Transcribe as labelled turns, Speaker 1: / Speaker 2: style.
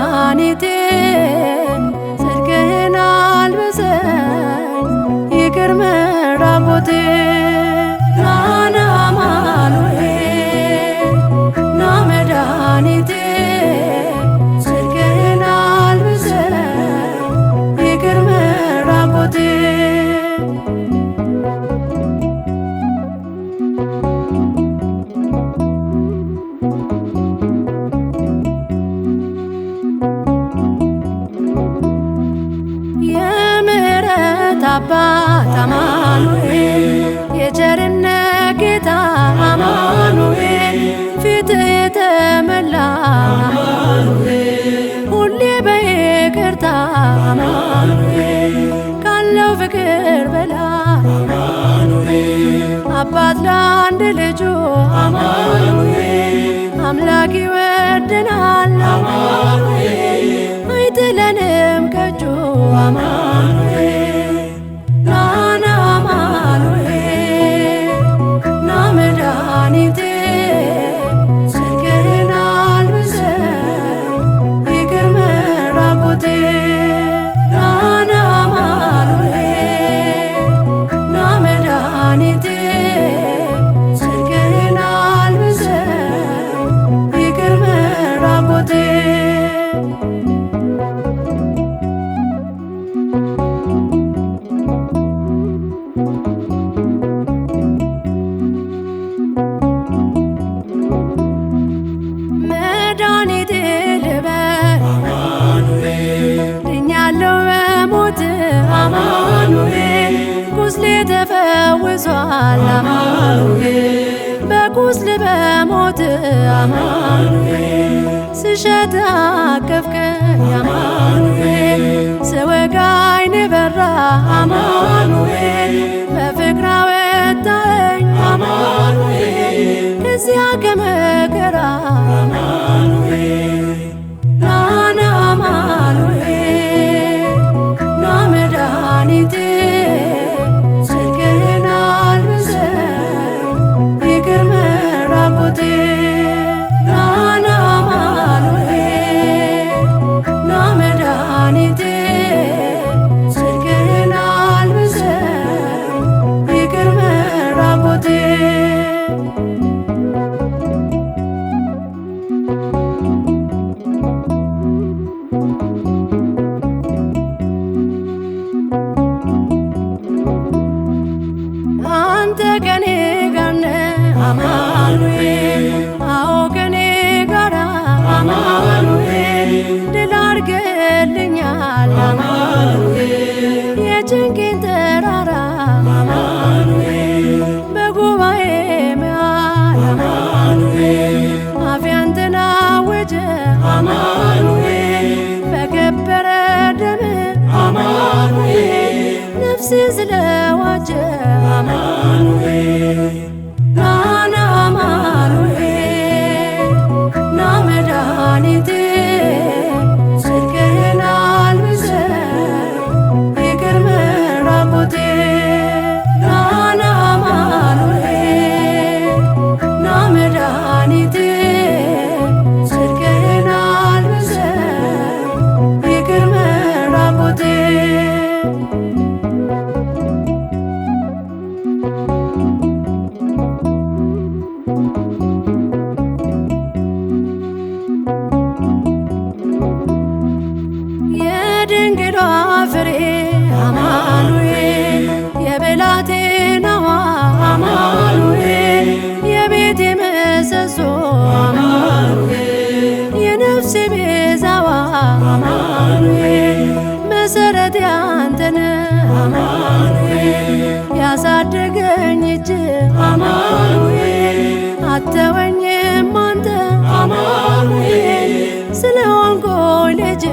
Speaker 1: መድኃኒቴን ጽድቅህን አልብሰኝ ይቅር መራቆቴ አባት አማኑኤል የቸርነት ጌታ አማኑኤል ፊት የተመላ አማኑኤል ሁሌ በይቅርታ አማኑኤል ካለው ፍቅር በላይ አማኑኤል አባት ለአንድ ልጁ አማኑኤል አምላክ wanted to ተነስቷል አማኑኤል በቁስል በሞት አማኑኤል ስሸት አቀፍከኝ አማኑኤል ስወጋኝ በራ አማኑኤል አማኑኤል አዎ ከኔ ጋራ አማኑኤል ድል አድርገልኛል አማኑኤል የጭንቄን ተራራ አማኑኤል በጉባኤ መሃል አማኑኤል አፌ አንተን አወጀ አማኑኤል በከበረ ደም አማኑኤል ስለዋጀ ምህረት ያንተነ ያሳደገኝ እጅ አተወኝም አንተ ስለሆንኩ ልጅ